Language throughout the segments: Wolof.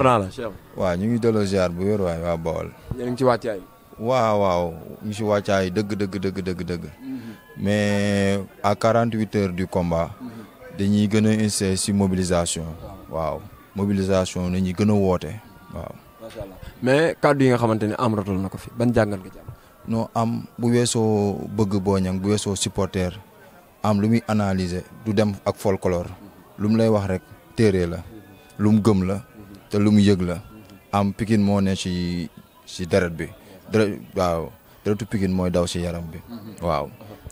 ziar naa waaw ñu ngi delloo ziar bu wér waaye waa Bawol. ñu ngi ci wàccaay. waaw waaw ñu si wàccaay dëgg dëgg dëgg dëgg dëgg. Mhm. mais à quarante huit du combat. Mhm. dañuy gën a insister si mobilisation. waaw mobilisation nañuy gën a woote waaw. macha mais kàddu yi nga xamante ne am ratul na ko fi ban jàngal nga jàpp. non am bu weesoo bëgg Boy bu weesoo supporter am lu muy analyser du dem ak folklore mhm. lu mu lay wax rek téere la lu mu gëm la. te lu mu yëg la am Pikine moo ne si ci deret bi deret waaw deretu Pikine mooy daw si yaram bi mhm. waaw.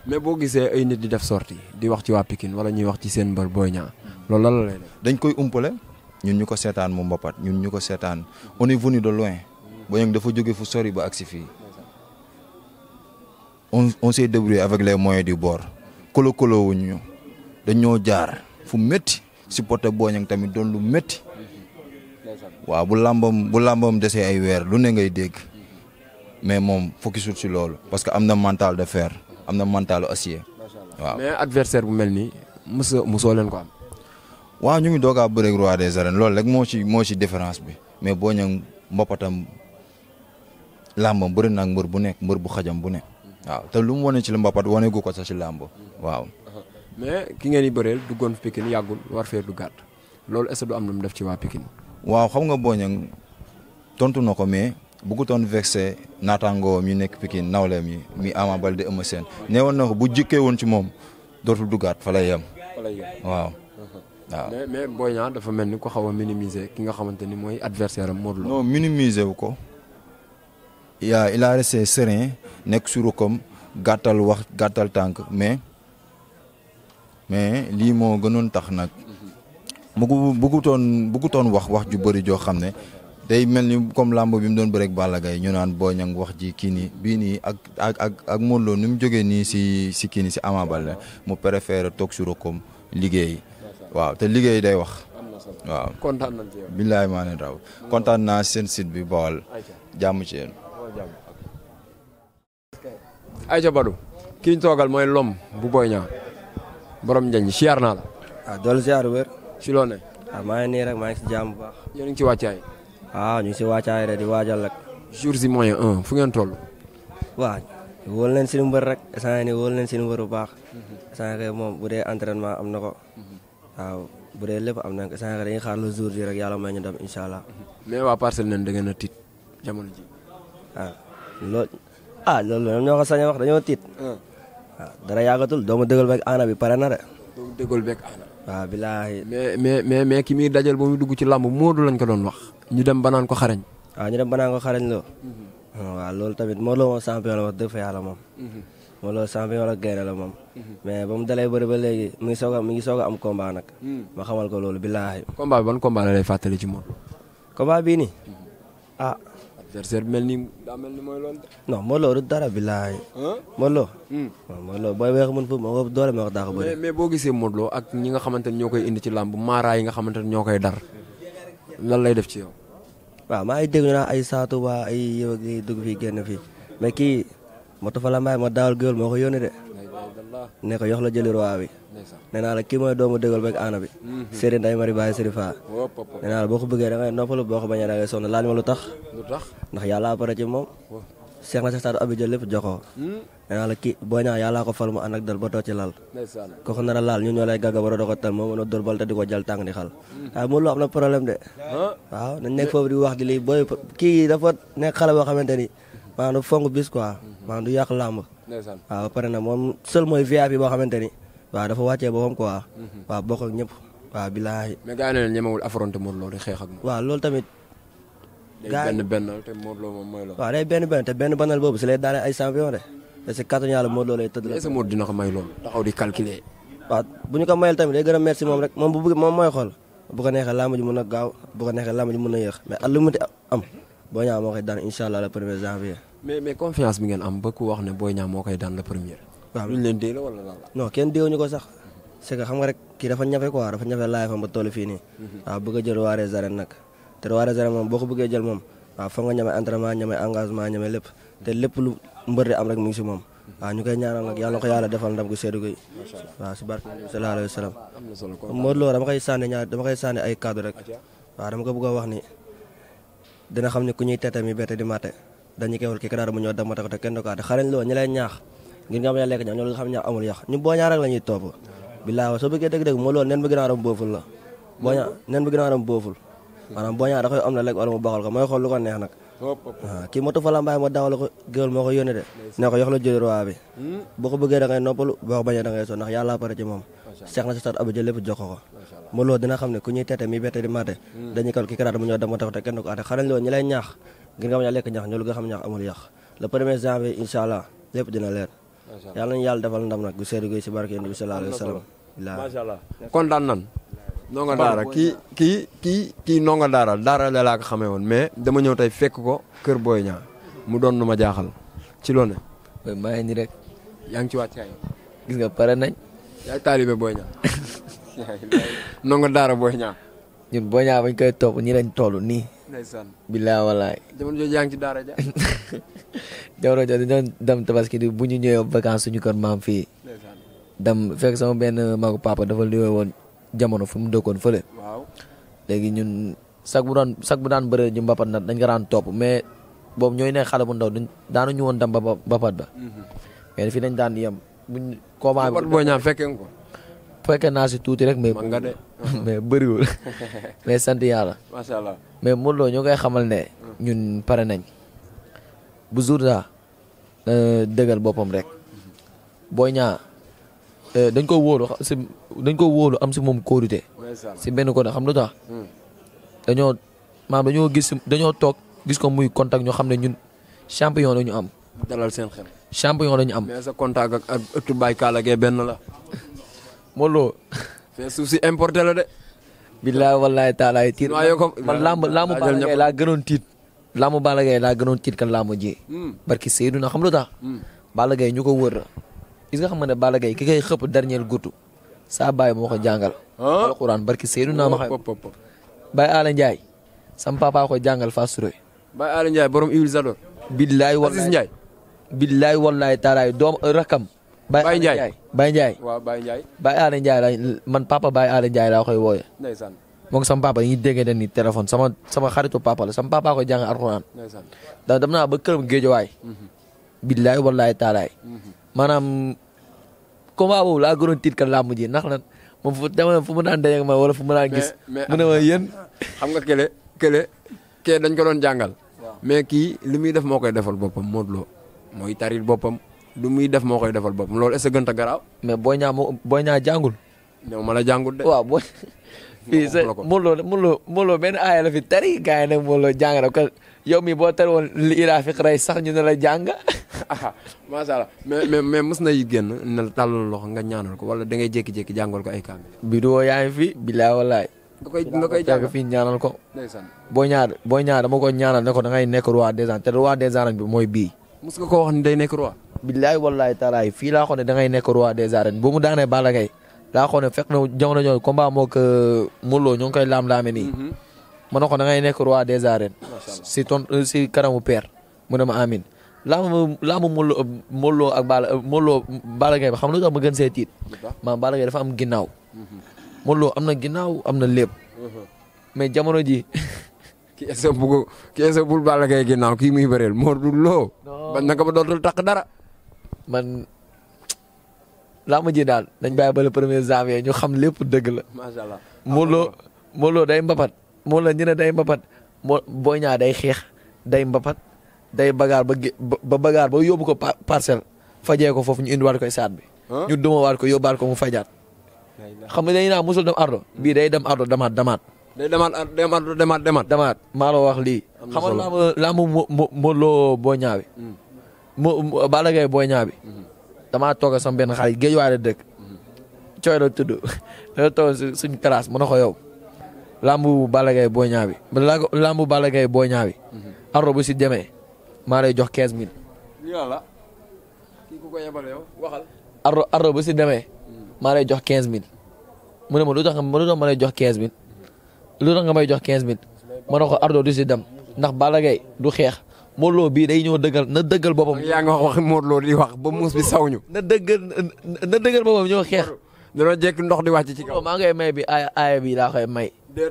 mais boo gisee ay nit di def sortie di wax ci waa pikin wala ñuy wax ci seen mbër Boy Niang loolu la lay dañ koy umpale ñun ñu ko seetaan mu mbapat ñun ñu ko seetaan on est venu de loin Boy Niang dafa jóge fu sori ba agsi fii on on avec les moyens du bord kolo kolo wuñ ñu dañoo jaar fu métti supporter Boy Niang tamit doon lu métti. waaw bu làmbam bu làmbam desee ay weer lu ne ngay dégg mais moom focusul si loolu parce que am na mental de fer am na mental acier waaw mais adversaire bu mel nii mësa mësoo leen ko am. waaw ñu ngi doog a bëreeg roi des arènes loolu rek moo si moo ci différence bi mais boo ñëw mboppatam làmbam bëri na ak mbër bu nekk mbër bu xajam bu nekk. waaw te lu mu wane ci la mbapat wane gu ko sax si làmb waaw. mais ki ngeen yi bëreel duggoon Pikine yàggul war du gàtt loolu est am lu def ci waa waaw xam nga Boñang tontu na ko mais bëggutoon vexé naataangoom yi nekk Pikine nawleem yi mi Ama Baldé Eumeu Sène neewoon na ko bu jëkkee woon ci moom dootu duggaat fa lay yem. fa lay yem waaw. waaw mais mais dafa mel ni ku xaw a minimiser ki nga xamante ni mooy adversaire am Modou Lo. non wu ko. yaa il a nekk sur comme gàttal wax gàttal tànk mais mais lii moo gënoon tax nag. Mhm. mu bëggutoon bëggutoon wax wax ju bëri joo xam ne day mel ni comme làmb bi mu doon bëreeg Balla Gaye ñu naan boo ñangu wax ji kii nii bii nii ak ak ak ak Modou ni mu jogee nii si si kii si amaa bala mu préfère toog si rokom liggéey waaw te liggéey day wax. waaw kontaan nañ ci yow. ne raw kontaan naa seen sit bi Baol jàmm ci yéen. Aïcha Badou ki ñu toogal mooy lom bu Boy Niang borom njañ siyaar naa la. Ah, si loo a ah, waaw maa ngi nii rek maa ngi si jàmm bu baax. yéen a ngi ci wàccaay. Ah, ñu si wàccaay di waajal rek. jours si moyen un fu ngeen toll. waaw wóol leen seen mbër rek instant yii wóol leen seen mbër bu baax. instant moom bu dee entraînement am na ko. waaw bu dee lépp am na ko instant yii dañuy xaar le rek yàlla may ñu dem incha allah. mais waa a tiit jamono ji. waaw ah, loolu ah loolu ñoo a wax dañoo tiit. waaw dara yàggatul doomu dëggal beeg aana bi pare na de. waaw ah, bilaay. mais mais mais mais ki muy dajal ba muy dugg ci làmb Modou lañ ko doon wax. ñu dem banaan ko xarañ. waaw ah, ñu dem banaan ko xarañ loo. Mhm. Ah, waaw loolu tamit moo Lo moom champion la wax dëgg fa yàlla moom. Mhm. Modou Lo champion la gaynde la moom. Mhm. mais ba mu dalee bëri ba léegi mu ngi soog a ngi soog am combat nag. ma xamal ko loolu bilaay. combat bi ban combat la lay fàttali ci Modou Lo. combat bii ah. adversaire bi mel ni daa mel ni mooy loolu de. non Modou Lo du dara bilaay. Modou Lo. waaw hmm. Modou Lo booy weex moo ko doole ma wax daa ko bëri. boo gisee Modou Lo ak nga xamante ne ñoo koy indi ci làmb maara yi nga xamante ñoo koy dar lan lay def ci yow. waaw maa ngi dégg naa ay saatu waa ay yow ak dugg fii génn fii mais kii moto fa la mbaay ma daawal géwél moo ko yónni de. ne ko yox la jëli roi bi nee naa la kii mooy doomu dëggal beeg aana bi mhm. Serigne Ndeye Marie Baye Serigne Fall nee naa la boo ko bëggee da ngay noppalu boo ko bañee da ngay sonn laaj ma lu tax ndax yàlla pare ci moom seex na sa saatu abi jël lépp joxoo hmm? nee naa la kii boo ñaa yàllaa ko fal mu ànd ak dal ba too ci lal ko ko nar a laal ñun ñoo lay gàgga war a ko tal moo mën a bal te di ko jël tàng di xal hmm. waaye mënuloo am na problème de waaw nañ nekk di wax di lii booy kii dafa nekk xale boo xamante ni maanaam dafa fonk bis quoi. maanaam mhm. du yàq làmb. ndeysaan waaw ba pare nag moom seul mooy VIP boo xamante ni waaw dafa wàccee boppam quoi. Mhm. waaw bokk ak ñëpp waaw billaahi. mais gars yi ne leen ñemewul affronter Modou Lo di benn benn te benn benn te benn banal boobu si lay ay champion de te bu ñu ko mayal tamit day gën a metti moom rek moom bu bëgg moom mooy xool bu ko neexee làmb ji mën a gaaw bu ko neexee làmb ji mën a yéex mais at lu am boo ñaaw moo daan incha allah premier janvier mais mais confiance bi ngeen am ba ku wax ne Boy Niang moo koy daan la première. waaw lu ñu leen dee la wala lan la. non kenn ko a c'est que xam nga rek kii ñafe quoi dafa ñafe laay fam ba toll fii nii. Mhm. waaw bëgg a jël roi des arènes nag te roi des arènes moom boo ko bëggee jël moom waaw foog nga ñame entraînement ñame engagement ñame lépp te lépp lu mbër di am rek mu ngi si moom. a ñu koy ñaanal nag yàlla na ko yàlla defal ndam gu séddu gi waaw si barke sallallahu alayhi wa sallam Modou Lo dama koy sànni ñaar dama ko bëgg wax ni dina xam ne ku ñuy tete mi bette di mate dañu kewol kii kadaar mu ñëw dama tako te kenn du ko atte xarañ loo ñi lay ñaax ngir nga am lekk ñax ñoo xam ñaax amul yax ñu booñaa rek la ñuy topp billaahi soo bëggee dëgg-dëgg da koy am mu baxal moo dawal ko hmm? da hmm. kenn du ko atte xarañ loolu ñaax ngir nga bañ lekk ñax ñoo lu nga xam ñax amul yàq le premier janvier incha allah lépp dina leer yàlla nañu yàlla defal ndam nag gu seedu guy si barke yonent bi sallallahu alayhi wa sallam macha allah kontaan nan ndongo daara kii kii kii kii ndongo daara daara la laa ko xamee woon mais dama ñëw tey fekk ko kër booy ñaa mu doon nu ma jaaxal ci loone maa ngi ni rek yaa ngi ci wàccaay gis nga pare nañ yaa ngi booy Boy ñun boo ñaa bañ koy topp ñi lañ toll nii. ndeysaan billaa walaay. jamono jooju yaa ngi ci daara ja. jamono bu ñu ñëwee vacances suñu kër maam fii. dam fekk sama benn magu papa dafa liggéey woon jamono fu mu dëkkoon fële. waaw léegi ñun sag bu doon sag bu daan bëree ñu mbapat nag dañ ko daan topp mais boobu ñooy nekk xale bu ndaw woon dem ba ba. Mhm. mais fii dañ daan yem buñ. combat bi fekkee ko. fekkee naa si tuuti rek mais. man nga de mais bëriwul mais sant yàlla. macha allah mais Modou Lo ñoo koy xamal ne. ñun pare nañ. bu jour daa dëggal boppam rek. boo Niang euh, dañ ko wóolu dañ ko wóolu am si moom kóolute. si benn côté xam lu tax. Hmm. dañoo dañoo gis dañoo toog gis ko muy contact ñu xam ne ñun champion la ñu am. dalal seen champion la ñu am. mais sa contact ak benn la. Modou Lo. mais suuf si importé la de. billaay wallaay taalaay tiit. waaye ko man làmb làmb Balla Gaye laa gënoon tiit. làmb Balla ji. Hmm. barki Seydina xam lu tax. Hmm. Balla Gaye ñu ko wër. gis nga xam ne Balla Gaye ki koy xëpp dernier guttu saa baay moo ko jàngal. Ah. barki Seydina oh, ma xam. Baye Ala Ndiaye. sam papa ko jàngal Fass Touré. Baye Ala borom Iwil Zador. billaay wallaay Aziz rakam. Baye Ndiaye Baye Ndiaye waaw Baye Ndiaye Baye Aada Ndiaye la man papa baay Aada Ndiaye laa koy wooye ndeysaan moom sama papa yi ñuy déggante ni téléphone sama sama xaritu papa la sama papa koy jàng alxuraan da dem naa ba këram géejowaay mhm. billaay wallaay taalaay mhm. maanaam combat boobu laa gënoon tiit kan làmb ji ndax lan moom fu dama fu mu daan dajeeg ma wala fu mu daan gis mu ne ma yéen xam nga kële kële kee dañ ko doon jàngal mais kii li muy def moo koy defal boppam Modou Lo mooy taril boppam du muy def moo koy defal boppam loolu est ce que gënta garaaw. mais booy ñaa jàngul. ñoom ma la jàngul de. waaw booy. fii sa mënuloo mënuloo mënuloo benn aaya la fi tari gars yi nag mënuloo jàng na yow mi boo tari li ilaa fi ray sax ñu ne la jàng. macha allah mais mais mais mës na génn ne tàllal loxo nga ñaanal ko wala da ngay jékki-jékki jàngal ko ay kaamil. bidoo yaa ngi fi bilaa walaay. nga koy nga koy jàng fii ñaanal ko. ndeysaan boo ñaar boo ñaar dama ko ñaanal ne ko da nekk roi des arènes te roi des bi mooy bii. nga ko wax ni day nekk roi. billaay wallaay taalaay fii laa xoon ne da ngay nekk roi des arènes bu mu daanee laa xoon fekk na jamono jooju combat moo ko euh, Modou Lo koy laam-laame nii. Mhm. ma ne ko da ngay nekk roi des arènes. ton euh, si kanamu père mu ne ma amin laamu laamu Modou Lo euh, Modou Lo ak Balla Modou Lo xam nga lu tax ma gën see tiit. maam Balla am ginnaaw. Mhm. Modou Lo am na ginnaaw am na lépp. Mhm. mais jamono ji ba naka takk dara. man làmb ji daal dañ bàyyi ba le premier janvier ñu xam lépp dëgg la. macha allah Modou Lo day mbapat Modou Lo ñu day mbapat moo Boy Niang day xeex day mbapat day bagaar ba bagaar ba yóbbu ko parcelle fajee ko foofu ñu indiwaat koy saat bi. ñu dumawaat ko yóbbaat ko mu fajaat. xam nga dañu naan mosul dem ardo bii day dem ardo damaat damaat. day demaat demaat demaat demaat. demaat maa la wax lii. am na solo xam nga làmb làmb Modou mu Balla Gaye mm-hmm. damaa toog a sama benn xarit géej waale dëkk mm-hmm. cooy la tudd dafa toog suñ classe mu ne yow lambu Balla Gaye Boy Niang bi mm-hmm. bu si demee maa lay jox quinze mille yàlla kii ku ko yebal bu si demee maa jox quinze mille mu ne ma lu tax lu tax ma lay jox quinze mille lu ardo du si dem ndax Balla du xeex Modou Lo bii day ñëw dëggal na dëggal boppam. yaa ngi wax Modou Lo di wax ba muus bi saw ñu. na dëggal na dëggal boppam ñoo xeex. dana jekk ndox di wàcc ci kaw. maa ngay may bi ay ay bi laa koy may.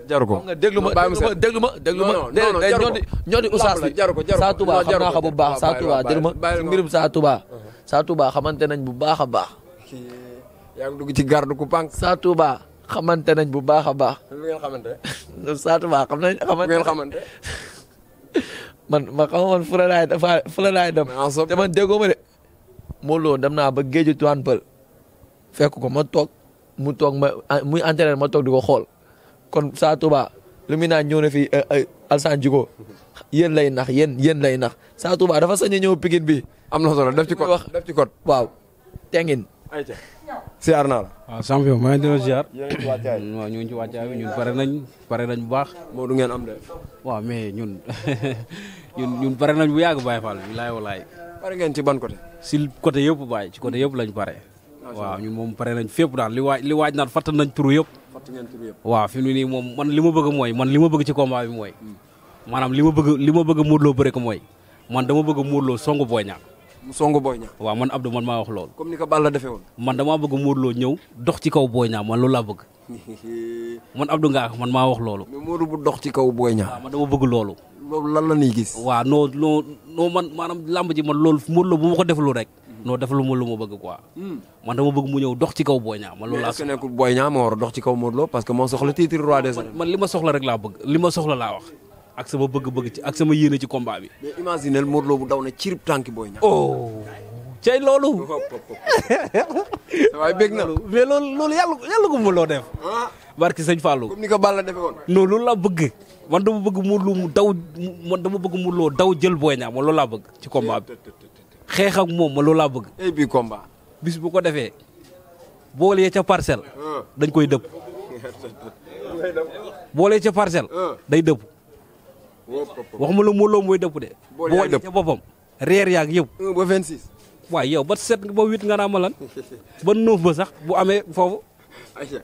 jaru ko nga déglu ma déglu ma déglu ma ñoo di ñoo di Oustaz bi Sa Touba xam naa ko bu baax Sa Touba déglu ma ci mbirum Sa Touba uh-huh. Sa Touba xamante nañ bu baax a baax. yaa ngi dugg ci garde ku pànk. Sa Touba xamante nañ bu baax a baax. lu ngeen xamante. Sa Touba xam nañ xamante. man ma xaw man fu la laay dafa fu la laay dem. te man déggoo ma de. Mawlo dem naa ba géej tuwaan pël fekk ko ma toog mu toog ma muy entraîné ma toog di ko xool kon saa Touba lu muy naan ñëw na fii eh, eh, Alsaan Djigo yéen lay nax yéen yéen lay nax saa Touba dafa sañ ñëw Pikine bi am na solo def ci code def ci code waaw tengin siyaar naa la. waaw champion maa ngi dina siyaar. waaw ñu ngi ci wàccaay ñun pare nañ pare nañ bu baax. moo du ngeen am de. waaw mais ñun ñun ñun pare nañ bu yàgg Baye Fall bilaay walaay. pare ngeen ci ban côté. si côté yëpp Baye ci côté yëpp lañ pare. waaw ñun moom pare nañ fépp daal li waaj li waaj naan fàttali nañ turu yëpp. fàttali waaw fi mu nii moom man li ma bëgg mooy man li ma bëgg ci combat bi mooy. maanaam li ma bëgg li ma bëgg a Modou Lo ko mooy man dama bëgg a Modou Lo songu Boy mu songu Boy Niang waaw man Abdou man maa wax loolu. comme ni ko Balla defee woon. man damaa bëgg Modou Lo ñëw dox ci kaw Boy Niang man loolu laa bëgg. man man maa wax loolu. mais bu dox ci kaw Boy Niang. waaw man dama bëgg loolu. loolu lan la ñuy gis. waaw non non non man maanaam làmb ji man loolu Modou Lo bu ma ko deflu lu ma lu ma bëgg quoi. Hmm. mu ñëw dox ci kaw Boy Niang man loolu laa li ma soxla rek laa bëgg li ma soxla laa wax. ak sama bëgg-bëgg ci ak sama yéene ci combat bi. mais imaginez Modou Lo bu daw na cirib tànki Boy Niang. oh cay bëgg na mais loolu yàlla yàlla ko mënuloo def. Ah. barki sëñ Fallou. comme ni ko Balla defee woon. loolu laa bëgg. man dama bëgg Modou Lo mu daw dama bëgg Modou Lo daw jël Boy Niang ma loolu laa bëgg ci combat bi. xeex ak moom ma loolu laa bëgg. et puis bis bu ko defee boole ya ca parcelle. Ah. dañ koy dëpp. boole ca parcelle. Ah. day dëpp. waxuma la Modou Lo mooy dëpp de. boo yaa ngi ca boppam reer yaag yëpp. 1 ba yow ba 7 ba 8 nga naa ma lan ba 9 ba sax bu amee foofu.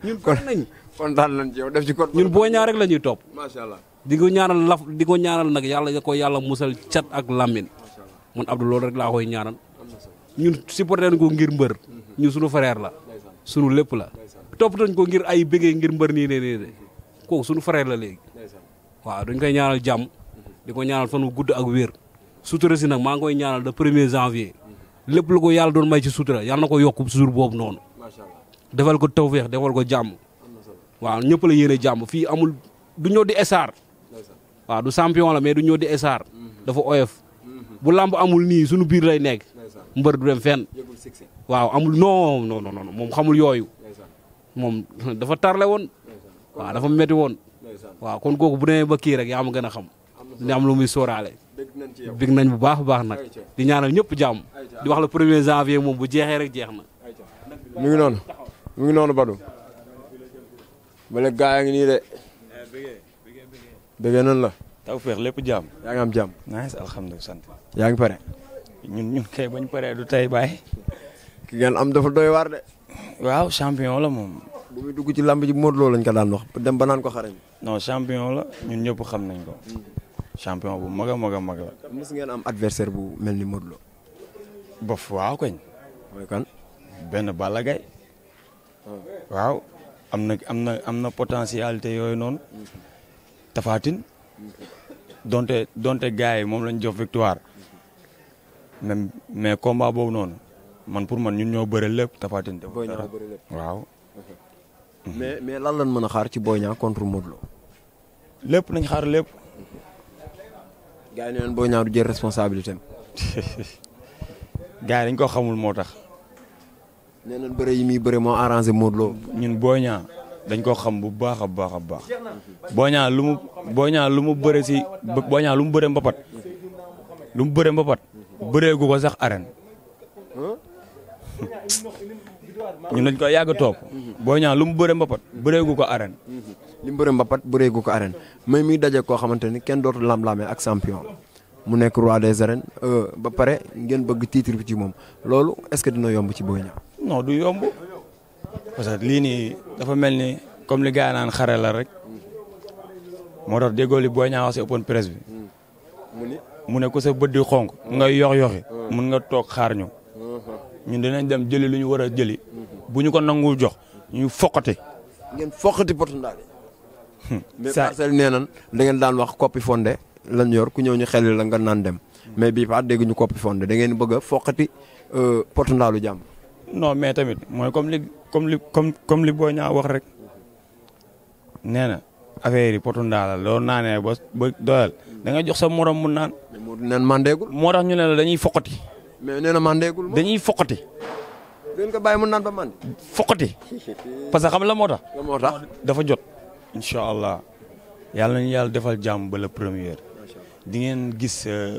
ñun kon kontaan nañ def ci code. ñun boo ñaar rek la ñuy topp. macha allah di ko ñaanal laf di ko ñaanal nag yàlla ko yàlla musal cat ak làmmin. man Abdou loolu rek laa koy ñaanal. ñun supporté nañ ko ngir mbër. Mhm. ñun sunu frère la. suñu lépp la. topp nañ ko ngir ay bëggee ngir mbër nii ne nii de mhm. kooku suñu frère la léegi. waaw dañ koy ñaanal jàmm di ko ñaanal fan u gudd ak wér sutura si nag maa ngi koy ñaanal le premier janvier lépp lu ko yàlla doon may ci sutura yàlla na ko yokk suur boobu noonu defal ko tawféex defal ko jàmm waaw ñëpp la yéene jàmm fii amul du ñëw di esaar waaw du champion la mais du ñëw di esaar mhm. dafa oyof mhm. bu làmb amul nii suñu biir lay nekk mbër du dem fenn waaw amul noo non non moom xamul yooyu moom dafa tarle woon waaw dafa metti woon waaw kon kooku bu demee ba kii rek yaa ma gën a xam ni am lu muy sóoraale bég nañ bu baax a baax nag di ñaanal ñëpp jàmm di wax le premier janvier moom bu jeexee rek jeex na mu ngi noonu mu ngi noonu Badou bale gaa ngi nii de bëggee noonu la taw feex lépp jàmm yaa ngi am jàmm nice alhamdulilah sant yaa ngi pare ñun ñun kay bañ paree du tey bàyyi ki ngeen am dafa doy waar de waaw champion la moom bu muy dugg ci làmb ji Modou Lo lañ ko daan wax dem ba naan ko xarañ non champion la ñun ñëpp xam nañ ko. champion bu mag a mag a mag la. mës ngeen am adversaire bu mel ni Modou Lo. bof waaw kañ. mooy benn Balla Gaye. Ah. waaw am na am na am na potentialité yooyu noonu. Tapha Tine. donte donte gars yi moom lañ jox victoire. même mais combat boobu noonu man pour man ñun ñoo bëre lépp Tapha Tine. booy ñoo bëre lépp waaw. mais mais lan mën a xaar ci Boy Niang contre Modou lépp nañ xaar lépp. gars yi ne leen Boy Niang gars dañ ko xamul moo tax. nee nañ yi muy bëre moo arrangé ñun Boy Niang dañ ko xam bu baax a baax a baax. Boy Niang lu mu Boy lu mu bëre si Boy Niang lu mu bëre mbapat. lumu mu bëre mbapat. bëree gu ko sax arène. ñun dañ ko yàgg topp. Boy Niang lu mu bëre mbapat bëree gu ko arène. li mu bëre mbapat bëree gu ko arène mais muy daje koo xamante ni kenn dootu lam-laamee ak champion mu nekk roi des arènes euh, ba pare ngeen bëgg titre ci moom loolu est-ce que dina yomb ci Boy Niang non du yomb parce que lii nii dafa mel ni comme li gars yi naan xare la rek moo tax déggoo li Boy Niang wax si open presse bi mu ne ko sa bët di xonk nga yox yoxi ah. mun nga toog xaar ñu uh-huh. ñun danañ dem jëli lu ñu war a jëli uh-huh. bu ñu ko nangu jox ñu foqati ngeen foqati potu ndaal Hmm. mais parcelle nee nan da ngeen daan wax coppi fondé lañ yor ku ñëw ñu xel la nga naan dem hmm. mais bii fa dégg ñu coppi fondé da ngeen bëgg a foqati euh, porte ndaalu jàmm. non mais tamit mooy comme li comme li comme comme li Boy Niang wax rek nee na affaire yi porte ndaala loolu naanee ba ba doyal da nga jox sa morom mu naan. moo neen mandeegul. moo tax ñu ne dañuy foqati. mais nee na mandeegul dañuy foqati. ngeen ko bàyyi mu naan ba mandi. foqati parce que xam la moo tax. moo tax dafa jot. incha allah yàlla nañu yàlla defal jàmm ba la première di ngeen gis euh,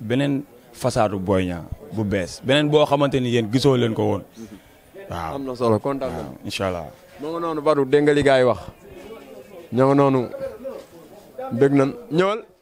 beneen façadu booy Niang bu bees beneen boo xamante ni yéen gisoo leen ko woon waaw. am solo kontaan waaw allah. ñoo ngi noonu Badou dégg wax ñoo noonu bëgg nañ ñëwal.